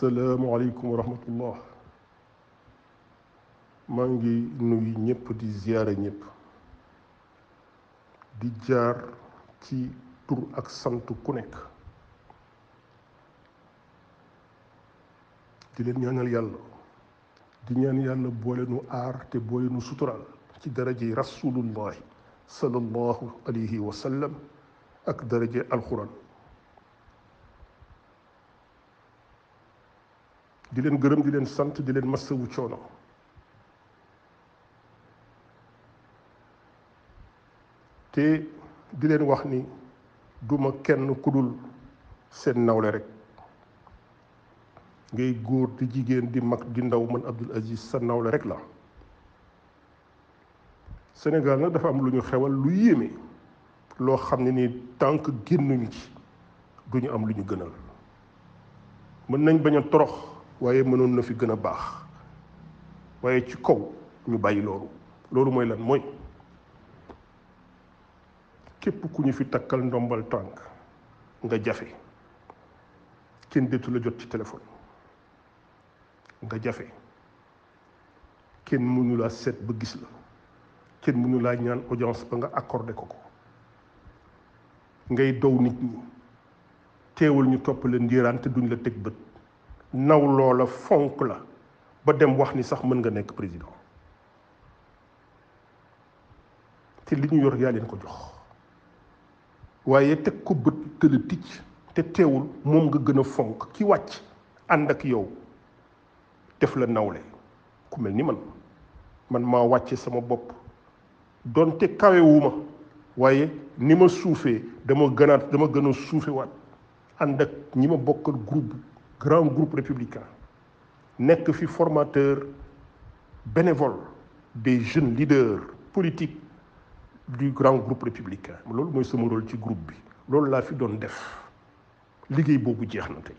salaam aleykum wa rahmatullah maa ngi nuyu ñëpp di ziyaare ñëpp di jaar ci tur ak sant ku nekk di leen ñaanal yàlla di ñaan yàlla boole nu aar te boole nu suturaal ci daraje rasulullahi sallallahu alayhi wa sallam ak daraje alquran di leen gërëm di leen sant di leen massawu coono te di leen wax ni duma kenn ku dul seen nawle rek ngay góor di jigéen di mag di ndaw man Abdoul Aziz sa nawle rek la Sénégal na dafa am lu ñu xewal lu yéeme loo xam ne nii tànk génnuñu ci ñu am lu ñu gënal mën nañ bañ a torox waaye mënoon na fi gën a baax waaye ci kaw ñu bàyyi loolu loolu mooy lan mooy képp ku ñu fi takkal ndombal tànk nga jafe kenn deetu la jot ci téléphone nga jafe kenn mënula seet ba gis la kenn mënu laa ñaan audience ba nga accordé ko ko ngay dow nit ñi teewul ñu topp la ndiiraan te duñ la teg bët naw loola fonk la ba dem wax ni sax mën nga nekk président te li ñu yor yaa leen ko jox waaye teg ko bët tëla ticc te teewul moom nga gën a fonk ki wàcc ànd ak yow def la nawle ku mel ni man man maa wàcce sama bopp donte kawewuma waaye ni ma suufee dama gënaat dama gën a suufewaat ànd ak ñi ma bokkal groupe grand groupe républicain que fi formateur bénévole des jeunes leaders politiques du grand groupe républicain Moi, mooy sama rôle ci groupe bi loolu la fi donne def liggéey boobu jeex na tey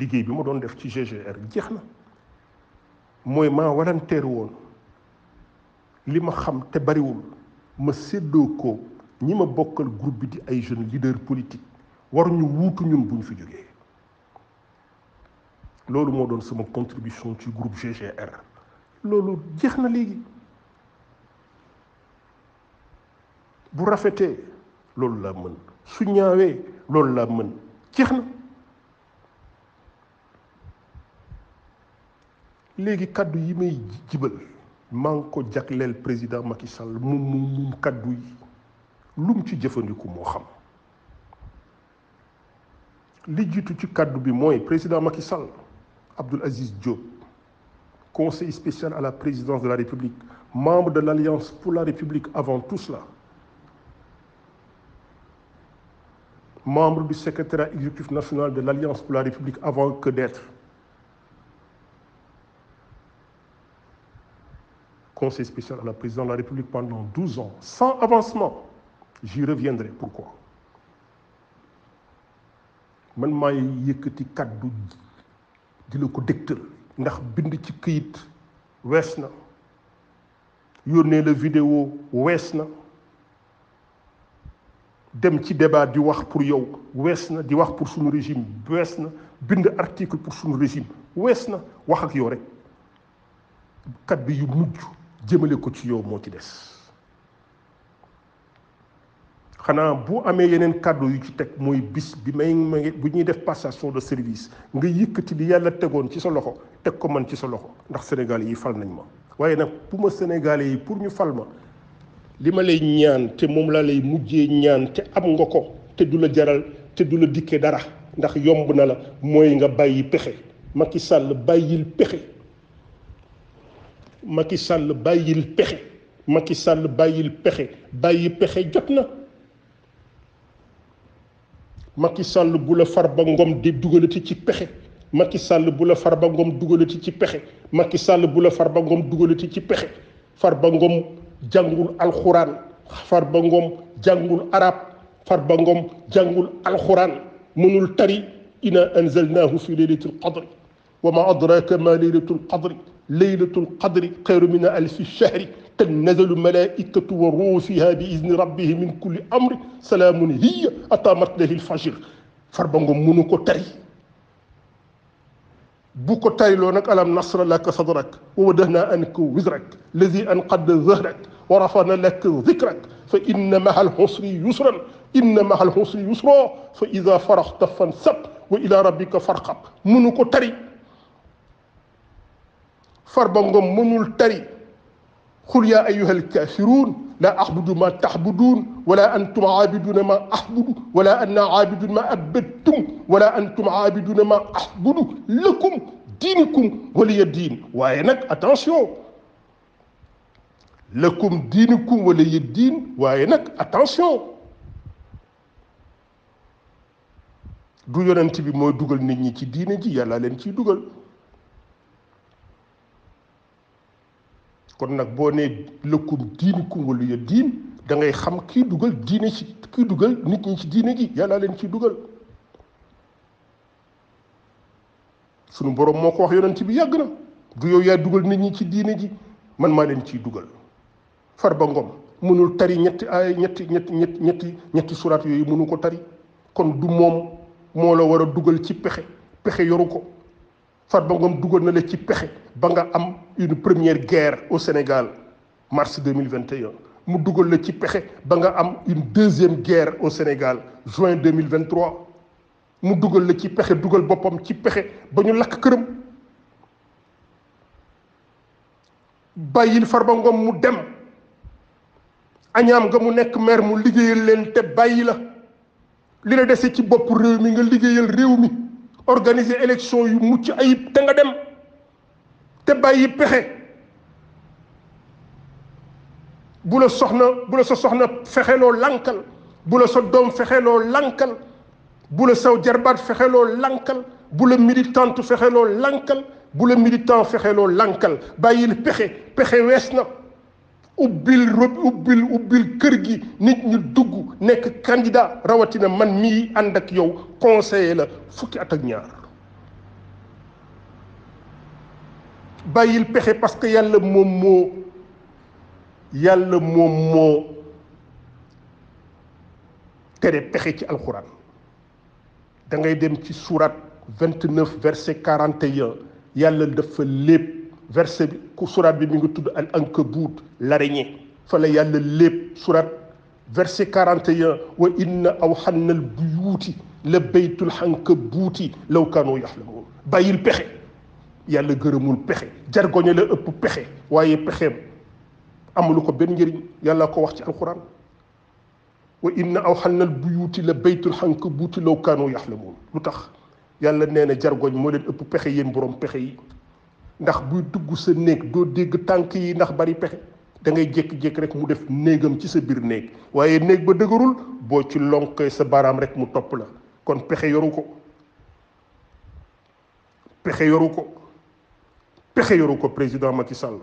liggéey bi def ci GGR jeex na ma maa walanteer woon li ma xam te bariwul ma séddoo ko ñi ma bokkal groupe bi di ay jeunes leaders politiques waruñu wuutu ñun bu ñu fi jógee loolu moo donne sama contribution du groupe GGR loolu jeex na léegi bu rafetee loolu laa mën su ñaawee loolu laa mën jeex na léegi kaddu yi may ko président Macky Sall moom moom kaddu yi xam li ci président Macky Abdul Aziz Diop, conseiller spécial à la présidence de la République, membre de l'Alliance pour la République avant tout cela, membre du secrétariat exécutif national de l'Alliance pour la République avant que d'être conseiller spécial à la présidence de la République pendant 12 ans, sans avancement. J'y reviendrai. Pourquoi di la ko dégtal ndax bind ci këyit wees na yónnee la vidéo wees na dem ci débat di wax pour yow wees na di wax pour suñu régime wees na bind article pour suñu régime wees na wax ak yow rek kat bi yu mujj jëmale ko ci yow moo ci des xanaa bu amee yeneen kàddu yu ci teg mooy bis bi may bu ñuy def passation de service nga yëkkati li yàlla tegoon ci sa loxo teg ko man ci sa loxo ndax sénégalais yi fal nañ ma waaye nag bu ma sénégalais yi pour ñu fal ma li ma lay ñaan te moom laa lay mujjee ñaan te am nga ko te du la jaral te du la dikkee dara ndax yomb na la mooy nga bàyyi pexe Macky Sall bàyyil pexe Macky Sall bàyyil pexe Macky Sall bàyyil pexe bàyyi pexe jot na Macky Sall bu la far ba Ngom di dugalati ci pexe Macky Sall bu la far ba Ngom dugalati ci pexe Macky Sall bu la far ba Ngom dugalati ci pexe far ba Ngom jàngul far ba Ngom jàngul arab far ba Ngom jàngul alxuraan munul tari ina anzalnahu fi laylatil qadri wa ma adraka ma laylatul qadri laylatul qadri xayru min alf shahri تنزل الملائكة فيها بإذن ربه من كل أمر سلام هي أتامت له الفجر فربنغم منوكو تري بوكو تري لونك ألم نصر لك صدرك وودهنا أنك وزرك الذي أنقد ظهرك ورفعنا لك ذكرك فإن مع الحسر يسرا إن مع الحسر يسرا فإذا فرغت فانسب وإلى ربك فارغب منوكو تري فربنغم منو تري قل يا أيها الكافرون لا أعبد ما تعبدون ولا أنتم عابدون ما أعبد ولا أنا عابد ما أبدتم ولا أنتم عابدون ما أعبد لكم دينكم ولي الدين وينك attention لكم دينكم ولي الدين وينك attention du yonent bi mooy dugal nit ñi ci diine ji yàlla leen ciy dugal kon nag boo nee lëkkum diini kumbalu ya diin dangay xam kii dugal diine ci kii dugal nit ñi ci diine gi yàlla leen ciy dugal sunu borom moo ko wax yonent bi yàgg na du yow yaa dugal nit ñi ci diine ji man maa leen ciy dugal far ba Ngom mënul tari ñetti ay ñetti ñetti ñetti ñetti ñetti suraat yooyu mënu ko tari kon du moom moo la war a dugal ci pexe pexe yoru ko Il Ngom na la ci ba nga am une première guerre au Sénégal mars 2021 mu dugal la ci am une deuxième guerre au Sénégal juin 2023 mu dugal la ci pexé dugal au ci pexé ba ñu lak kërëm bayil farbangom mu dem a nga mu nek mère mu liggéeyal te ci mi nga organiser élection yu mucc ayib te nga dem te bàyyi pexé bu la soxna bu la sa soxna lo lankal bu la sa fexé lo lankal bu la saw fexé lo lankal bu la militante lo lankal bu la militant lo lankal bàyyil pexe pexé wees na ubil le ubil kër gi nit ñu dugg nekk candidat rawatina man mii ànd ak yow conseiller la fukki at ñaar parce que yàlla moom le ci da dem surat 29, verset 41, yal yàlla verset bi ku surat bi mi ngi tudd al ankabut l'araignée fa la yàlla lépp surat verset 41 wa inna awhanna al buyuti la baytul xankabuuti law kanu yahlamun bayil pexe yàlla gërëmul pexe jargoñe la ëpp pexe waaye pexeem amulu ko benn njëriñ yàlla ko wax ci alquran wa inna awhanna al buyuti la baytul xankabuuti law kanu yahlamun lu tax yàlla nee na jargoñ moo leen ëpp pexe yéen borom pexe yi ndax buy dugg sa néeg doo dégg tànk yi ndax bari pexe da ngay jékki-jékki rek mu def néegam ci sa biir néeg waaye néeg ba dëgërul boo ci lonkoy sa baaraam rek mu topp la kon pexe yoru ko pexe yoru ko pexe yoru ko président Macky Sall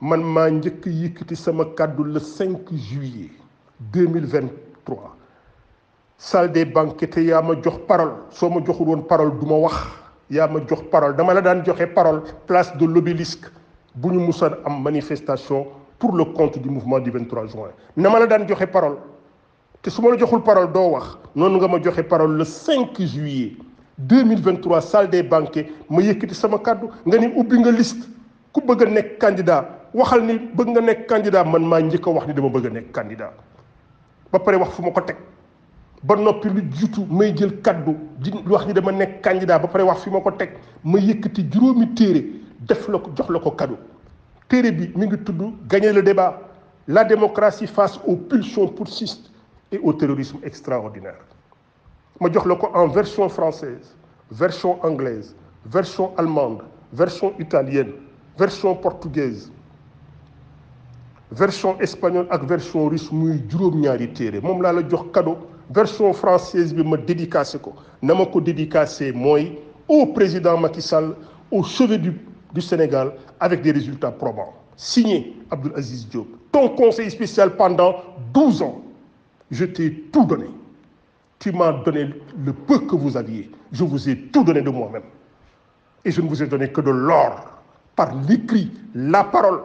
man maa njëkk yëkkati sama kaddu le 5 juillet 2023 salle des banquets yaa ma jox parole soo ma joxul woon parole du wax yaa ma jox parole dama la daan joxe parole place de l'obélisque bu ñu musaan am manifestation pour le compte du mouvement du 23 juin na ma la daan joxe parole te su ma la joxul parole doo wax noonu nga ma joxe parole le 5 juillet 2023 salle des banquets ma yëkkati sama kàddu nga ni ubbi nga liste ku bëgg a nekk candidat waxal ni bëgg nga nekk candidat man maa njëkk a wax ni dama bëgg a nekk candidat ba pare wax fu ma ko teg ba noppi lu du may jël kaddu di wax ni dama candidat ba pare wax ko ma def la jox bi gagner le débat la démocratie face aux pulsions poursistes et au terrorisme extraordinaire ma jox en version française version anglaise version allemande version italienne version portugaise version espagnole ak version russe muy ñaari cadeau version française bi me dédicacé ko na ko au président Macky Sall au chevet du du Sénégal avec des résultats probants signé Abdelaziz Aziz Diop ton conseil spécial pendant 12 ans je t'ai tout donné tu m'as donné le peu que vous aviez je vous ai tout donné de moi-même et je ne vous ai donné que de l'or par l'écrit la parole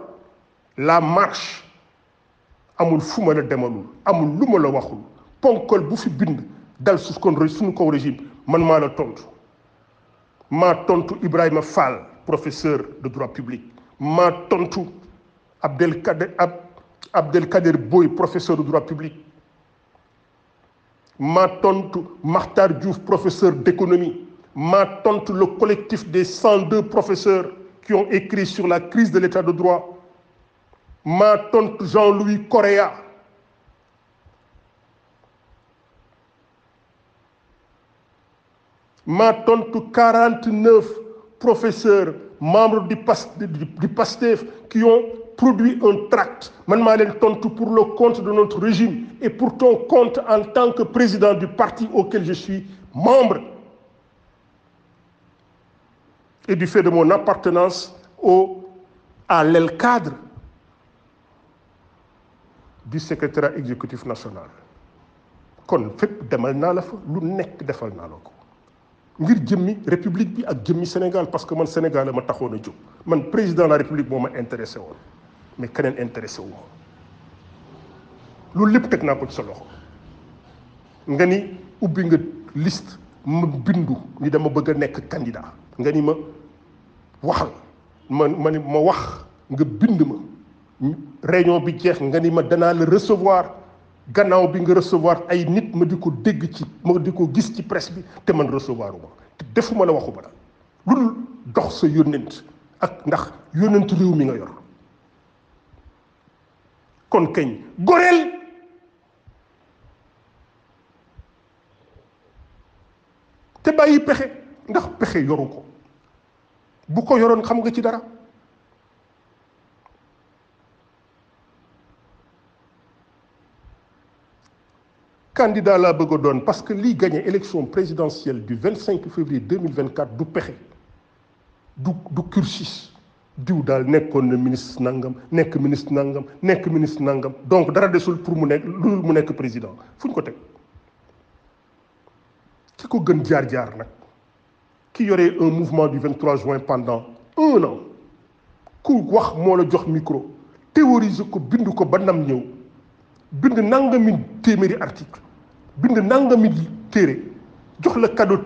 la marche amul demalul amul ponkol bu fi bind dal kon régime man maa la tontu Ibrahima Fall professeur de droit public maa tontu Abdelkader Abdelkader Boy professeur de droit public maa tontu mahtar Diouf professeur d'économie maa tontu le collectif des 102 professeurs qui ont écrit sur la crise de l'état de droit maa tontu Jean-Louis Correa que que 49 professeurs membres du PASTEF qui ont produit un tract man pour le compte de notre régime et pour ton compte en tant que président du parti auquel je suis membre et du fait de mon appartenance au à l'aile cadre du secrétaire exécutif national kon fait ngir jëmmi république bi ak Sénégal parce que man Sénégal ma président de la république intéressé mais keneen intéressé ma loolu lépp teg ko ci sa nga liste ma bindu ni dama bëgg nekk candidat nga réunion bi la recevoir gannaaw bi nga recevoir ay nit ma di ko dégg ci ma di ko gis ci presse bi te man recevoir uma te defuma la waxu ba daal lu dul dox sa yónnent ak ndax yónnentu réew mi nga yor kon kañ goreel te bàyyi pexe ndax pexe yoru ko bu ko yoroon xam nga ci dara candidat à bëgg doon parce que lii gagné élection présidentielle du 25 février 2024 du pexe du du cursus diw daal nekkoon ministre nangam nekk ministre nangam nekk ministre nangam donc dara desul pour mu nekk lu mu nekk président fuñ ko teg ki ko gën jaar-jaar nag ki yore un mouvement du 23 juin pendant un an ku wax moo la jox micro théoriser ko bind ko ba ndam ñëw bind nangamin téeméeri article bind nangami cadeau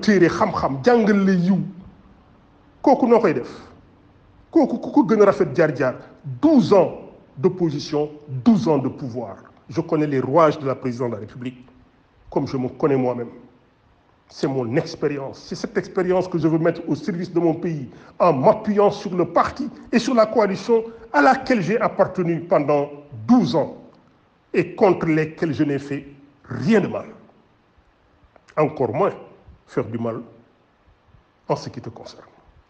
def ans d'opposition 12 ans de pouvoir je connais les rouages de la présidence de la République comme je me connais moi-même c'est mon expérience c'est cette expérience que je veux mettre au service de mon pays en m'appuyant sur le parti et sur la coalition à laquelle j'ai appartenu pendant 12 ans et contre lesquels je n'ai fait rien de mal. Encore moins faire du mal en ce qui te concerne,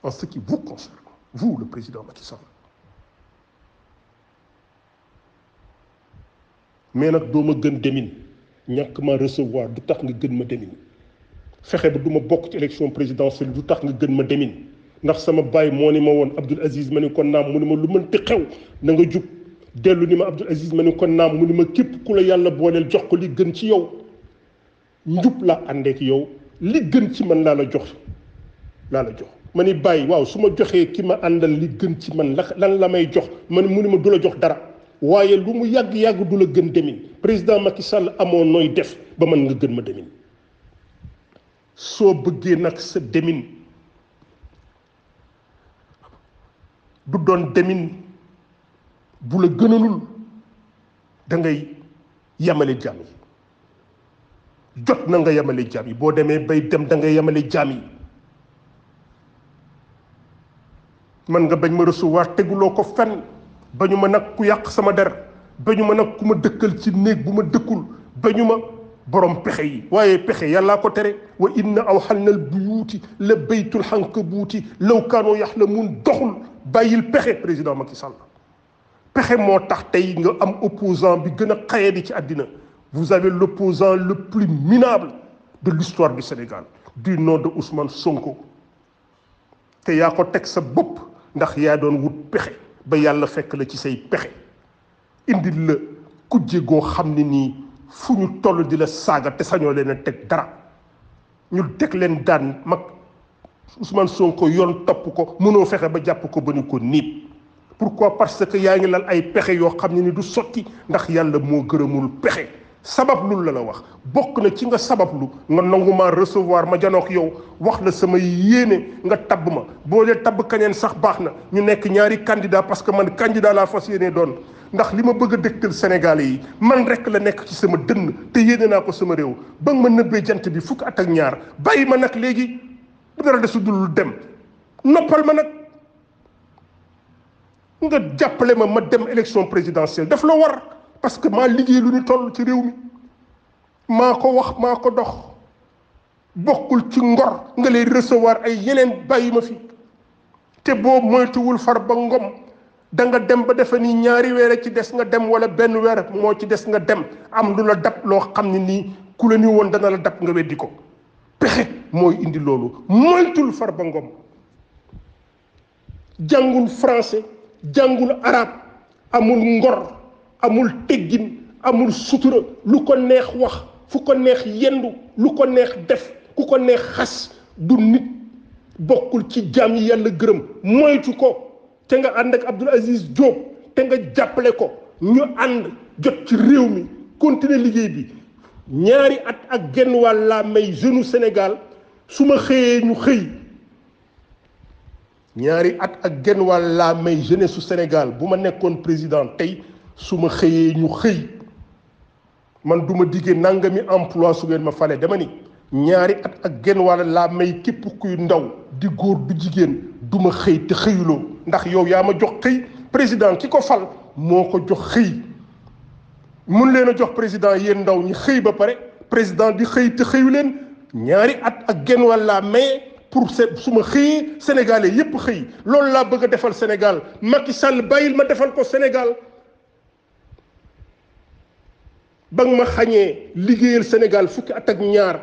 en ce qui vous concerne, vous, le président Macky mais nak doo gën demine ñak ma recevoir du tax nga gën ma demine fexé ba duma ma bokk ci élection présidentielle du tax nga gën ma demine ndax sama baye mo ni ma won Abdoul Aziz Manu ne kon naam mu ne ma lu xew na nga jub dellu ni ma Abdul Aziz ma ni ko naam mu ni ma képp ku la yàlla booleel jox ko li gën ci yow njub laa àndeek yow li gën ci man laa la jox laa la jox ma ni bàyyi waaw su ma joxee ki ma àndal li gën ci man la lan la may jox man mu ni ma du la jox dara waaye lu mu yàgg-yàgg du la gën demin président Macky Sall amoon nooy def ba man nga gën ma demin soo bëggee nag sa demin du doon demin bu la gënalul da ngay yemale jaam yi jot na nga yemale jaam yi boo demee bay dem da ngay yemale jaam yi man nga bañ ma recevoir teguloo ko fenn ba ñu ma nag ku yàq sama der ba ñu ma nag ku ma dëkkal ci néeg bu ma dëkkul ba ma borom pexe yi waaye pexe yàllaa ko tere wa inna aw xal nal buyuuti la baytul xànkabuuti law kaanoo yaxlamuun doxul bàyyil pexe président Macky Sall pexe moo tax tey nga am opposant bi gën a bi ci àddina vous avez l'opposant le plus minable de l'histoire du Sénégal du nom de Ousmane Sonko te yaa ko teg sa bopp ndax yaa doon wut pexe ba yàlla fekk la ci say pexe indil la kujje goo xam ne nii fu ñu toll di la saaga te sañoo leen a teg dara ñu teg leen daan mag Ousmane Sonko yoon topp ko mënoo fexe ba jàpp ko ba ñu ko niib pourquoi parce que yaa ngi lal ay pexe yoo xam ne ni du sotti ndax yàlla moo gërëmul pexe sabab sabablu la la wax bokk na ci nga sabab sabablu nga nangu ma recevoir ma janook yow wax la sama yéene nga tabb ma boo dee tab kañeen sax baax na ñu nekk ñaari candidat parce que man candidat laa fas yéene doon ndax li ma bëgg a dëgtal Sénégalais yi man rek la nekk ci sama dënn te yéene naa ko sama réew ba nga nag nëbbee jant bi fukk at ak ñaar bàyyi ma nag léegi dara dem nga jàppale ma ma dem élection présidentielle daf la war parce que maa liggéey lu ñu toll ci réew mi maa ko wax maa ko dox bokkul ci ngor nga lay recevoir ay yeneen bàyyi ma fi te boo moytuwul far ba ngom da nga dem ba defe ni ñaari weer ci des nga dem wala benn weer moo ci des nga dem am lu la dab loo xam ni nii ku la ni woon danga la dab nga weddi ko pexe mooy indi loolu moytul far ba ngom jàngul français J'angul arab amul ngor amul teggin amul sutura lu ko neex wax fu ko neex yendu lu ko neex def ku ko neex xas du nit bokul ci jam yalla gërem moytu ko te nga and ak Abdoul Aziz Diop te nga jappelé ko ñu and jot ci réew mi continuer liggéey bi ñaari at ak genn wàll la may jeune Sénégal suma xeyé ñu xey ñaari at ak genn wàll laa may jeunesse su Sénégal bu ma nekkoon président tey su ma xëyee ñu xëy man duma ma diggee mi emploi su ngeen ma fale dama ni ñaari at ak genn wàll laa may képp kuy ndaw di góor du jigéen duma ma xëy te xëyuloo ndax yow yaa ma jox xëy président ki ko fal moo ko jox xëy mun leen a jox président yéen ndaw ñi xëy ba pare président di xëy te xëyu leen ñaari at ak genn wàll laa maye pour su sénégalais yépp xëy loolu bëgg Sénégal Macky Sall ma ko Sénégal ba ma Sénégal fukki at ñaar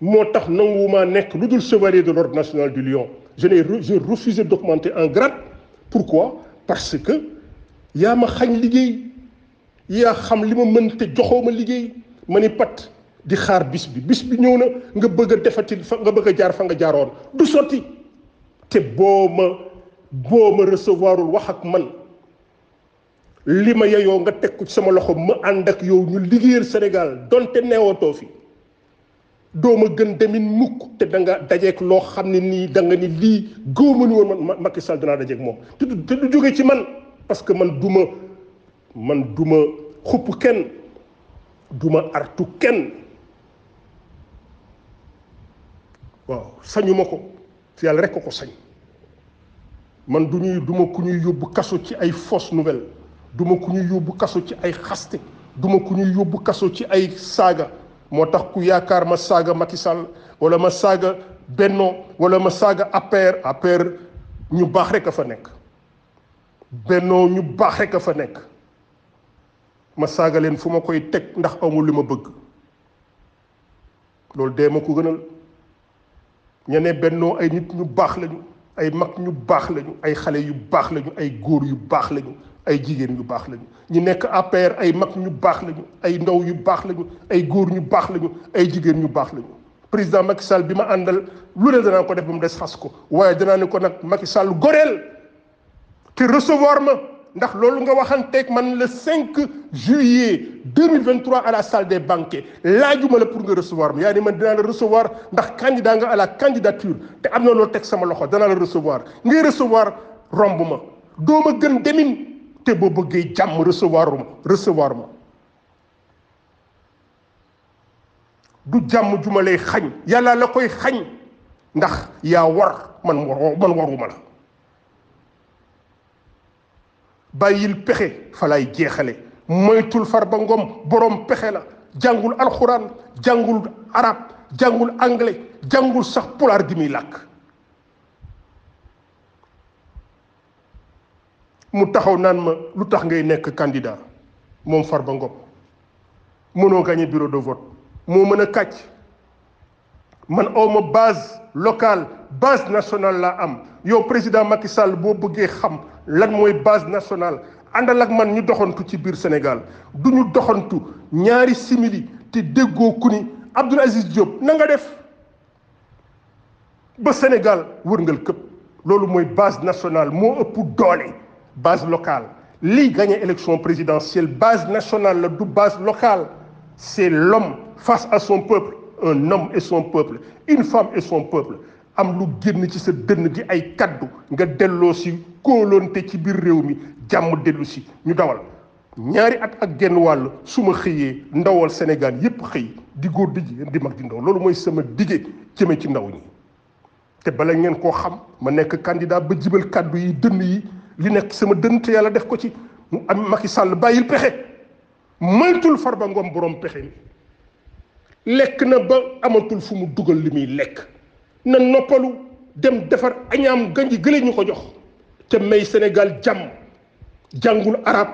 moo tax nekk chevalier de l'ordre national du Lion je n'ai je refusé d'augmenter un grade pourquoi parce que yaa ma xañ liggéey xam li di xaar bis bi bis bi ñëw na nga bëgg a defati fa nga bëgg a jaar fa nga jaaroon du sotti te boo ma boo ma recevoirul wax ak man li ma yeyoo nga teg ko ci sama loxo ma ànd ak yow ñu liggéeyal Sénégal donte neewatoo fi doo ma gën demin mukk te da nga dajeeg loo xam ne nii da nga ni lii man Macky Sall dinaa dajeeg moom te du du jóge ci man parce que man duma man duma xupp kenn duma artu kenn waaw sañuma ko te rekk ko sañ man du ñuy duma ma ku ñuy yóbbu kaso ci ay fausse nouvelle duma ma ku ñuy yóbbu kaso ci ay xaste duma ma ku ñuy yóbbu kaso ci ay saaga moo tax ku yaakaar ma saaga Macky Sall wala ma saaga Benno wala ma saaga APR APR ñu baax rekk a fa nekk Benno ñu baax rek a fa nekk ma saaga leen fu ma koy teg ndax amul li ma bëgg loolu dee ma ko gënal. ña ne benno ay nit ñu baax lañu ay mag ñu baax lañu ay xale yu baax lañu ay góor yu baax lañu ay jigéen yu baax lañu ñi nekk APR ay mag ñu baax lañu ay ndaw yu baax lañu ay góor ñu baax lañu ay jigéen ñu baax lañu président Macky Sall bi ma àndal lu ne danaa ko def ba mu des xas ko waaye danaa ne ko nag Macky Sall goreel te recevoir ma ndax loolu nga waxanteeg man le 5 juillet 2023 à la salle des banquets laajuma la pour nga recevoir ma yaa ni man dinaa la recevoir ndax candidat nga à la candidature te am na loo teg sama loxo dana la recevoir ngay recevoir romb ma doo ma gën demin te boo bëggee jàmm recevoir ma recevoir ma du jàmm ju ma lay xañ yàlla la koy xañ ndax yaa war man war man waruma la bàyyil pexe fa jeexale moytul far ba Ngom boroom pexe la jàngul alxuraan jàngul arab jàngul anglais jàngul sax pulaar gi muy làkk mu taxaw naan ma lu tax ngay nekk candidat moom far Farba Ngom mënoo gagné bureau de vote moo mën a kàcc man homme ma base locale base nationale la am yow président Macky Sall boo bëggee xam lan mooy base nationale àndal ak man ñu doxantu ci biir Sénégal duñu ñu doxantu ñaari simili te déggoo ku ni Abdoul Aziz Diop na nga def ba Sénégal wërngal këpp loolu mooy base nationale moo ëpp doole base locale lii gagné élection présidentielle base nationale la du base locale c'est l'homme face à son peuple un homme et son peuple une femme et son peuple am lu ci sa dënn di ay kaddu nga delloo si ci bir réew mi ñu dawal ñaari at ak genn Sénégal yépp xëy di góor di di ndaw sama dige jëme ci ndaw ñi te bala ngeen ma candidat ba jibal kaddu yi dënn yi li nekk sama def ko ci lekk na ba amatul fu mu dugal li muy lekk na noppalu dem defar añaam ganji gële ñu ko jox te may Sénégal Jam, jangul arab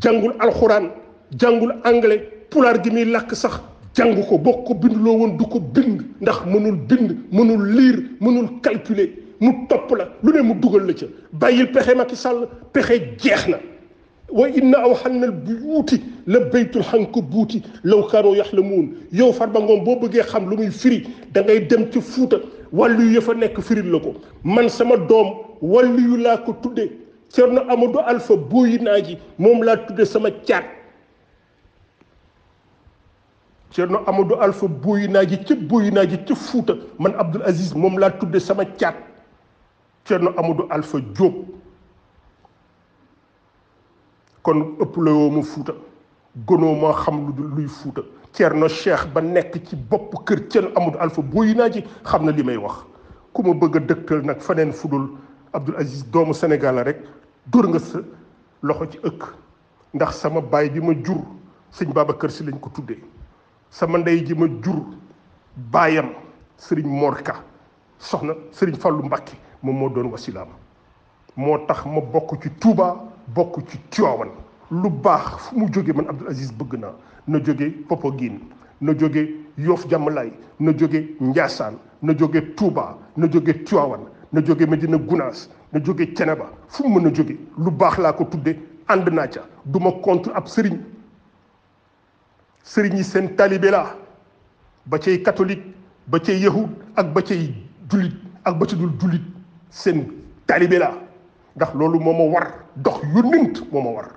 jangul alxuraan jangul anglais pulaar gi muy làkk sax jàng ko boo ko binduloo woon du ko bind ndax mënul bind mënul lire mënul calculer mu topp la lu ne mu dugal la ca bàyyil pexe Macky pexe jeex وإن أوحنا البيوت لبيت الحنك بوتي لو كانوا يحلمون يو فربا غون بو بغي خام لومي فري دا غاي ديم تي فوتا والو يفا نيك فري لوكو مان سما دوم والو لا تودي تيرنا امدو الفا بوي ناجي موم لا تودي سما تيار تيرنا امدو الفا بوي ناجي تي بوي ناجي تي فوتا مان عبد العزيز موم لا تودي سما تيار تيرنا امدو الفا جوب kon on ma fuuta gënoo ma xam lu luy fuuta Cheikh ba nekk ci bopp kër Alpha ci xam na wax ku bëgg a faneen fudul Abdoul Aziz doomu Sénégal rek nga sa loxo ci ëkk ndax sama bi ma jur sëñ Si ko tuddee sama ndey ji ma jur sëriñ Morka soxna sëriñ fallu moom moo doon wasilaam moo ma bokk ci Touba. bokk ci Tiwaawan lu baax fu mu jóge man Abdoul Aziz bëgg naa na jóge Popenguine na jóge Yoff Jàmmalaay na jóge Njaasaan na jóge Touba na jóge Tiwaawan na jóge Medina Gunaas na jóge Ceneba fu mu mën a jóge lu baax laa ko tudde ànd naa ca du ma contre ab sëriñ sëriñ yi seen taalibe ba cay catholique ba cay yahud ak ba cay jullit ak ba ca dul jullit seen taalibe ndax loolu moo ma war dox yonent moo ma war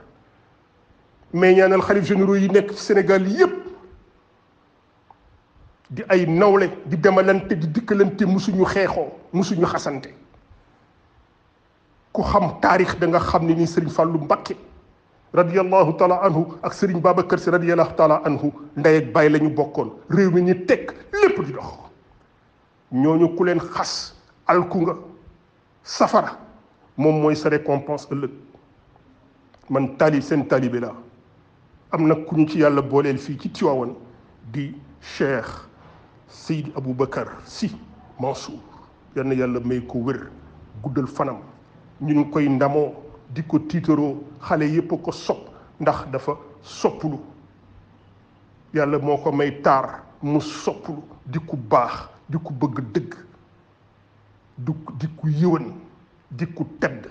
mais ñaanal xalif généraux yi nekk Sénégal yépp di ay nawle di demalante di dikkalante musuñu xeexoo musuñu xasante ku xam taarix da nga xam ne ni Serigne Fallou Mbacké radiyallahu taala anhu ak Serigne Babacar Sy radiyallahu taala anhu ndey ak bàyyi la bokkoon réew mi ñu teg lépp di dox ñooñu ku leen xas alku nga safara moom mooy sa récompense ëllëg man tali seen talibe laa am na ku ñu ci yàlla booleel fii ci Tiwaawan di cheikh Seyd abu bakar si yal na yàlla may ko wér guddal fanam ñu ngi koy ndamoo di ko tiitaroo xale yépp a ko sopp ndax dafa soppulu yàlla moo ko may taar mu soppulu di ku baax di ku bëgg dëgg du di ku yëwan di ku tedd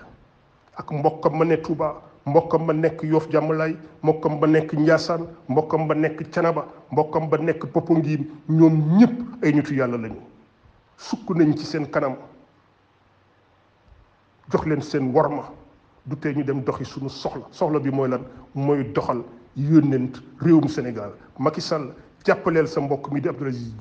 ak mbokkam ma ne Tuuba mbokkam ba nekk yoof jàmmalaay mbokkam ba nekk njaasaan mbokkam ba nekk canaba mbokkam ba nekk popongiin ñoom ñëpp ay nitu yàlla lañu sukk nañ ci seen kanam jox leen seen warma du tee ñu dem doxi suñu soxla soxla bi mooy lan mooy doxal yónnent réewum Sénégal Macky Sall jàppaleel sa mbokk mi di Abdoul Aziz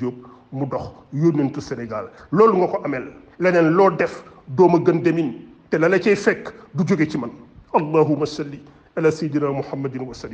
mu dox yónnentu Sénégal loolu nga ko amel leneen loo def dooma gën demin te la la cay fekk du jóge ci man اللهم صل على سيدنا محمد وسلم